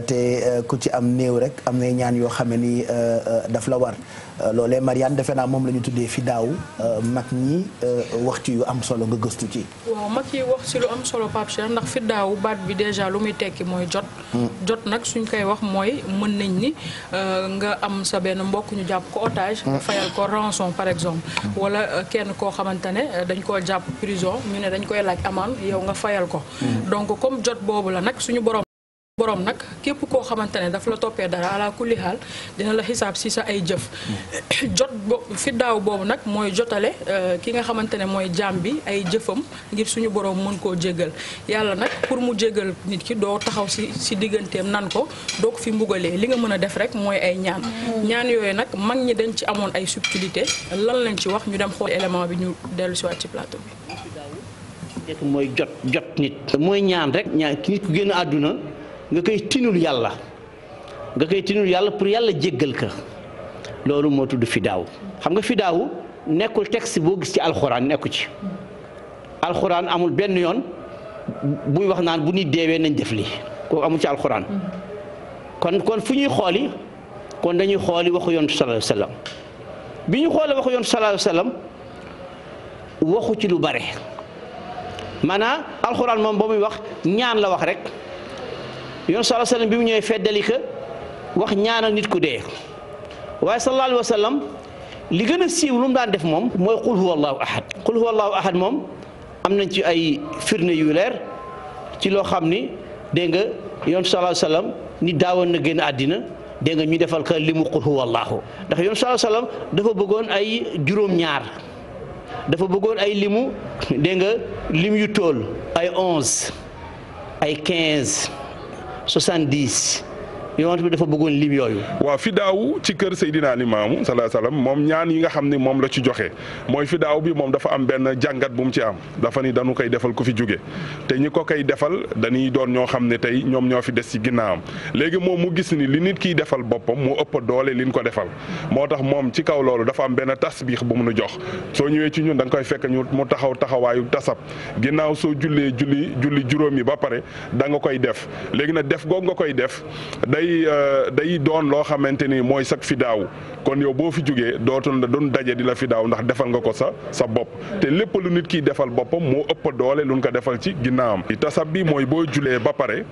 te euh, ku ci am néew rek am na ñaan yoo xam ne ni euh, euh, daf la war loolee Marianne defe naa moom la ñu tuddee fi daaw mag ñi wax ci yu am solo nga ci. waaw mag yi lu am solo Pape Cheikh ndax fi daaw baat bi déjà lu muy tekki mooy jot. Hmm. jot nag suñ koy wax mooy mën nañ ni nga am sa benn mbokk ñu jàpp ko otage. Hmm. fayal ko rançon par exemple. Hmm. wala kenn koo xamante ne dañ koo jàpp prison ñu ne dañ koy laaj amaan yow nga fayal ko. donc comme jot boobu la nag suñu borom. borom nag képp koo xamante ne daf la toppee dara ala kulli xaal dina la xisaab si sa ay jëf mm. jot bo fi daaw boobu nag mooy jotale euh, ki nga xamante ne mooy jaam bi ay jëfam ngir suñu boroom mën koo jéggal yàlla nag pour mu jéggal nit ki doo taxaw si si digganteem nan ko doo ko fi mbugalee li nga mën a def rek mooy ay ñaan mm. ñaan yooyu nag mag ñi dañ ci amoon ay subtilité lan lañ ci wax ñu dem xool élément bi ñu dellu siwaat ci plateau bi mooy jot jot nit mooy ñaan rek àdduna nga koy tinul yàlla nga koy tinul yàlla pour yàlla jéggal ka loolu moo tudd fidaaw xam nga fidaaw nekkul texte boo gis ci alxuraan nekku ci alxuraan amul benn yoon buy wax naan bu nit deewee nañ def lii ko amul ci alxuraan kon kon fu ñuy xooli kon dañuy xooli waxu yoon sallallahu alayhi bi ñu xoolee waxu yoon sallallahu alayhi waxu ci lu bare maanaam alxuraan moom ba muy wax ñaan la wax rek yoon sallallahu alayhi wa sallam bi mu ñëwee feddali wax ñaanal nit ku dee waaye sa alayhi wa sallam li gën a siiw lu mu daan def moom mooy qul huwa allahu ahad qul huwa allahu ahad moom am nañ ci ay firne yu leer ci loo xam ni dégg nga yoon sallallahu alayhi wa sallam ni daawoon na génn àddina dégg nga ñu defal ka limu mu qul huwa allahu ndax yoon sallallahu alayhi wa sallam dafa bëggoon ay juróom-ñaar dafa bëggoon ay limu dégg nga lim yu tool ay onze ay quinze 70 yonent bi dafa bëggoon lim yooyu. waaw fidaaw ci kër Seydina Limaamu salaa salaam moom ñaan yi nga xam ne moom la ci joxe mooy fidaaw bi moom dafa am benn jàngat bu mu ci am dafa ni dañu koy defal ku fi jóge te ñi ko koy defal dañuy doon ñoo xam ne tey ñoom ñoo fi des ci ginnaawam léegi moom mu gis ni li nit kiy defal boppam mu ëpp doole liñ ko defal moo tax moom ci kaw loolu dafa am benn tasbiix bu mu jox soo ñëwee ci ñun da koy fekk ñu mu taxaw taxawaayu tasab ginnaaw soo jullee julli julli juróom yi ba pare da nga koy def léegi nag def googu nga koy def day euh, day doon loo xamante ni mooy sag fi daaw kon yow boo fi jógee dootul la doon daje di la fi daaw ndax defal nga ko sa sa bopp te lépp lu nit kiy defal boppam moo ëpp doole lu ñu ko defal ci ginnaawam. tasab bi mooy boo julee ba pare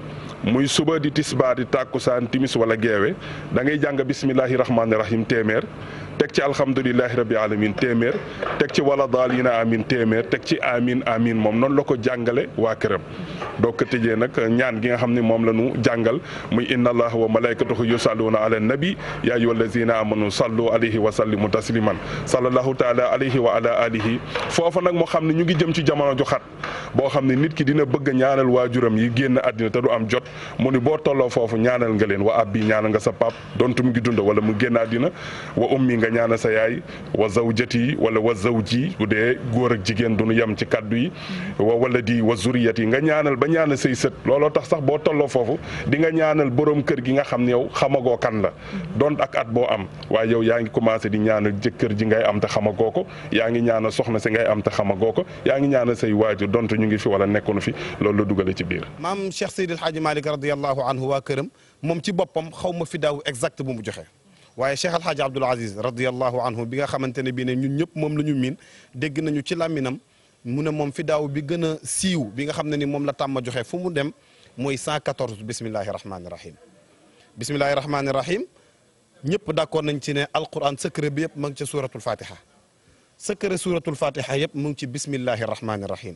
muy suba di tisbaar di tàkkusaan timis wala geewe da ngay jàng bismillahi rahmaani rahim téeméer. teg ci alhamdulilahi rabbi alamin téeméer teg ci wala daalina amin téeméer teg ci amin amin moom noonu la ko jàngale waa këram doo ko tëjee nag ñaan gi nga xam ne moom la ñu jàngal muy inna allaha wa malaykatahu yusalluuna ala nabi yaa ayyuha allazina amanu sallu alayhi wa sallimu tasliman sallallahu taala alayhi wa ala alihi foofa nag moo xam ne ñu ngi jëm ci jamono ju xat boo xam ne nit ki dina bëgg a ñaanal waajuram yi génn àddina te du am jot mu ni boo tolloo foofu ñaanal nga leen wa ab bi ñaanal nga sa pap dontu mu ngi dund wala mu génn àddina nga ñaanal sa yaay wa zawjati wala wa zawji bu dee góor ak jigéen du nu yem ci kaddu yi wa wala di wa zuriyat yi nga ñaanal ba ñaanal say sët looloo tax sax boo tolloo foofu dinga ñaanal borom kër gi nga xam ne yow xamagoo kan la doon ak at boo am waa yow yaa ngi commencé di ñaanal jëkkër ji ngay am te xamagoo ko yaa ngi ñaanal soxna si ngay am te xamagoo ko yaa ngi ñaana say waajur dont ñu ngi fi wala nekkoon fi loolu la dugale ci biir maam Cheikh Seydil Hadji Malick radiyallahu anhu waa këram moom ci boppam xaw ma fi daaw exact bu mu joxe waaye Cheikh Alhaji Abdoul Aziz radiallahu anhu bi nga xamante ne bii ne ñun ñëpp moom la ñu miin dégg nañu ci làmminam mu ne moom fi daaw bi gën a siiw bi nga xam ne ni moom la tàmm joxe fu mu dem mooy 114 bismillahi rahmaani rahim bismillahi rahmaani rahim ñëpp d'accord nañ ci ne alquran secret bi yëpp mu ngi ci suratul fatiha secret suratul fatiha yëpp mu ngi ci bismillahi rahmaani rahim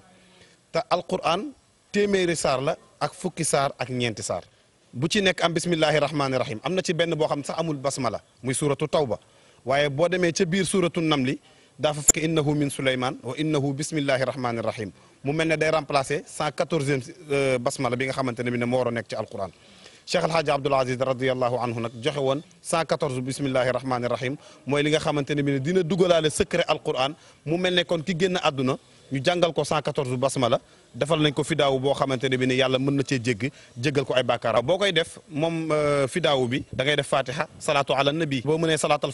te alquran téeméeri saar la ak fukki saar ak ñeenti saar bu ci nekk am bismillahi rahmaani rahim am na ci benn boo xam sax amul basmala muy suuratu tawba waaye boo demee ca biir suuratu namli dafa fekk innahu min suleyman wa innahu bismillahi rahmaani rahim mu mel ne day remplacé cent quatorzième euh, basmala bi nga xamante ne bi ne moo war a nekk ci alquran cheikh alhaaji abdul aziz radiallahu anhu nag joxe woon 114 bismillahi rahmaani rahim mooy li nga xamante ne bi ne dina dugalaale secret alquran mu mel ne kon ki génn àdduna ñu jàngal ko 114 basmala defal nañ ko fidaawu boo xamante ne bi ne yàlla mën na cee jégg jéggal ko ay bàkkaar boo koy def moom euh, fidaawu bi da ngay def fatiha salaatu ala nabi boo mënee salaatal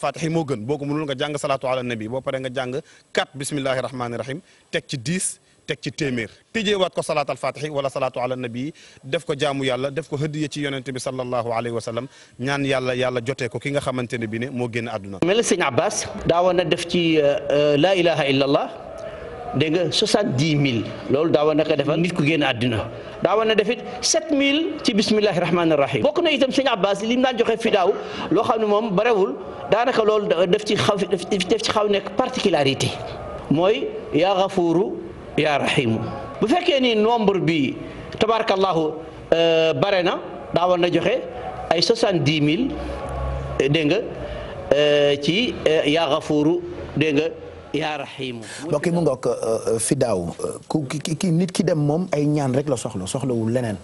ki nga xamante ne na def ci euh, euh, la ilaha dégg nga soixante-dix mille loolu daawoon na ko defal nit ku génn àddina daawoon na defit sept mille ci bismillahi rahmaani rahim bokk na itam sëñ Abbas li mu daan joxe fidaaw loo xam ne moom barewul daanaka loolu daf ci xaw daf ci xaw nekk particularité mooy yaa gafuuru yaa rahimu bu fekkee ni nombre bi tabarakallahu euh, bare na daawoon na joxe ay soixante-dix mille dégg nga euh, ci euh, yaa gafuuru dégg nga yaa raxiim mbokk yi mu ngoog euh, euh, fi daaw euh, ku ki nit ki dem moom ay ñaan rek la soxla soxlawul leneen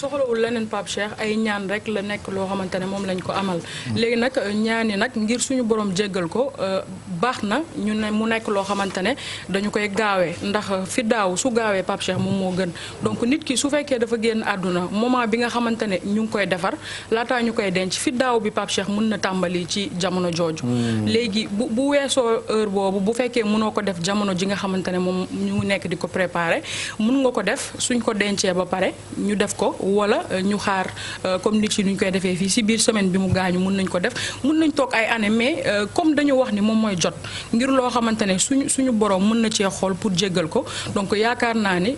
soxlawul leneen papcher ay ñaan rek la nekk loo xamante ne moom lañ ko amal. léegi nag euh, ñaani nag ngir suñu borom jéggal ko euh, baax na ñu ne mu nekk loo xamante ne dañu koy gaawee ndax euh, fi daaw su gaawee Pape moom moo gën. donc nit ki su fekkee dafa génn àdduna moment bi nga xamante ne ñu ngi koy defar laataa ñu koy denc fi daaw bi Pape Cheikh na tàmbali ci jamono jooju. Hmm. léegi bu bu weesoo heure boobu bu fekkee munoo ko def jamono ji nga xamante ne moom ñu nekk di ko préparé mun nga ko def suñ ko dencee ba pare ñu def ko. wala euh, ñu xaar euh, comme nit yi ñu koy defee fii si biir semaine bi mu gaañu mun nañ ko def mun nañ toog ay année mais euh, comme dañu wax ni moom mooy jot ngir loo xamante ne suñu suñu borom mën na cee xool pour jéggal ko donc yaakaar naa ne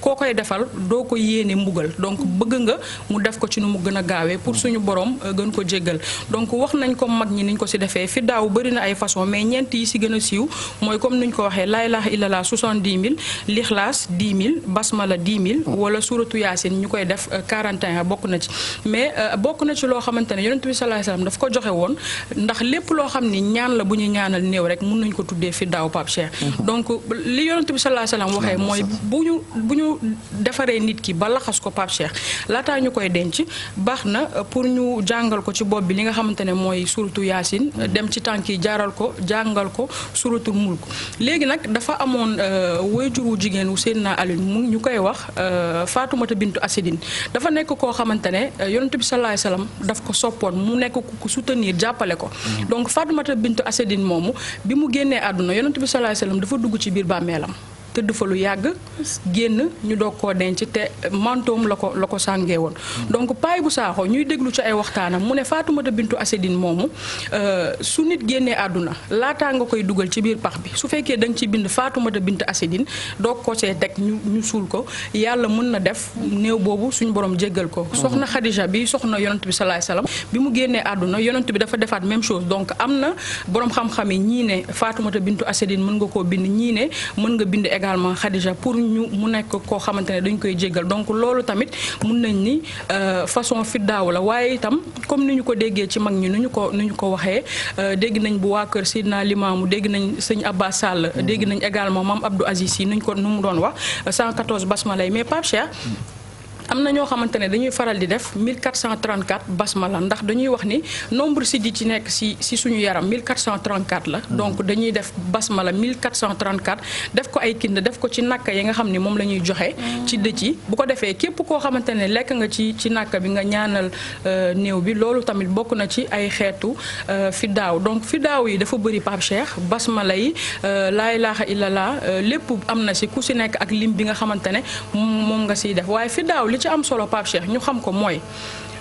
koo koy defal doo ko yéene mbugal donc bëgg nga mu def ko ci nu mu gën a gaawee pour suñu borom gën ko jéggal donc wax nañ ko mag ñi niñ ko si defee fi daaw bëri na ay façon mais ñeent yi si gën a siiw mooy comme nuñ ko waxee laa ilaaha illallah soixante-dix mille lixlaas dix mille basmala dix mille wala suratu yaasin ñu koy def def 41 bokk na ci mais euh, bokk na ci loo xamante ne yonent bi sallallahu alayhi daf ko joxe woon ndax lépp loo xam ni ñaan la bu ñu ñaanal néew rek mun nañ ko tuddee fi daaw Pape mhm. donc li yonent bi sallallahu alayhi waxee mooy bu ñu bu ñu defaree nit ki ba laxas ko Pape Cheikh laataa ñu koy denc baax na euh, pour ñu jàngal ko ci bopp bi li nga xamante ne mooy suratu yaasin euh, mhm. dem ci tànk yi jaaral ko jàngal ko suratul mulk léegi nag dafa amoon wayjuru jigéen wu Seydina Alioune mu ñu koy wax Faatumata bintu Asidin dafa nekk koo xamante ne euh, yonent bi salaay salaam daf ko soppoon mu nekk ku soutenir jàppale ko mm-hmm. donc Fatoumata bintu Asedin moomu bi mu génnee àdduna yonent bi salaay salaam dafa dugg ci biir bàmmeelam tëdd fa lu yàgg génn ñu doog koo denc te mantoom la ko la ko sàngee woon hmm. donc paay bu saaxoo ñuy déglu ci ay waxtaanam mu ne Faatumata Bintu Asedin moomu euh, su nit génnee àdduna laataa nga koy dugal ci biir pax bi su fekkee da nga ci bind Faatumata Bintu Asedin doog ko see teg ñu ñu suul ko yàlla mën na def néew boobu suñu borom jéggal ko hmm. soxna Xadija bi soxna yonent bi salaay salaam bi mu génnee àdduna yonent bi dafa defaat même chose donc am na borom xam-xam ñii ne Faatumata Bintu Asedin mën nga koo bind ñii ne mën nga bind également Khadija pour ñu mu nekk koo xamante ne dañ koy jéggal donc loolu tamit mun nañ ni euh, façon fi daaw la waaye itam comme ni ñu ko déggee ci mag ñi nu ñu ko nu ñu ko waxee euh, dégg nañ bu waa kër Sidna Limaamu dégg nañ sëñ Abba Sall dégg nañ également maam Abdou Aziz Sy nuñ ko nu mu doon wax 114 basmalay mais Pape Cheikh am na ñoo xamante ne dañuy faral di def 1434 basma la ndax dañuy wax ni nombre si di ci nekk si si suñu yaram 1434 la. Mm-hmm. donc dañuy def basma la 1434 def ko ay kind def ko ci nakk yi nga xam ni moom la ñuy joxe. Mm-hmm. ci dëj yi bu ko defee képp koo xamante ne lekk nga ci ci nakk bi nga ñaanal euh, néew bi loolu tamit bokk na ci ay xeetu euh, fiddaaw donc fiddaaw yi dafa bëri Pape Cheikh basmala yi euh, laa illa illallah lépp am na si ku si nekk ak lim bi nga xamante ne moom nga siy def waaye li ci am solo Pape Cheikh ñu xam ko mooy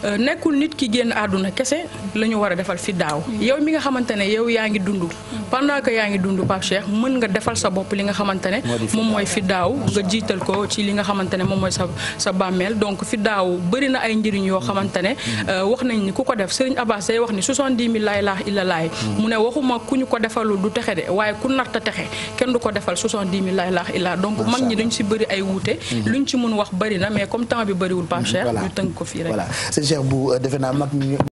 euh, nekkul nit ki génn àdduna kese la ñu war a defal fi daaw yow mi nga xamante ne yow yaa ngi dund pendant que yaa ngi dund Pape Cheikh mën nga defal sa bopp li nga xamante ne moom mooy fi daaw nga jiital ko ci li nga xamante ne moom mooy sa sa bàmmeel donc fi daaw bëri na ay njëriñ yoo xamante ne mm-hmm. euh, wax nañ ni ku ko def Serigne Abbas day wax ni soixante-dix mille laax illa laay mm-hmm. mu ne waxuma ku ñu ko defalul du texe de waaye ku narta texe kenn du ko defal soixante-dix mille laay laax illa donc mag ñi dañ temps bi bëriwul pas cher. voilà ñu tënk ko fii rek. voilà c'est cher bu euh, defe naa mag ñu.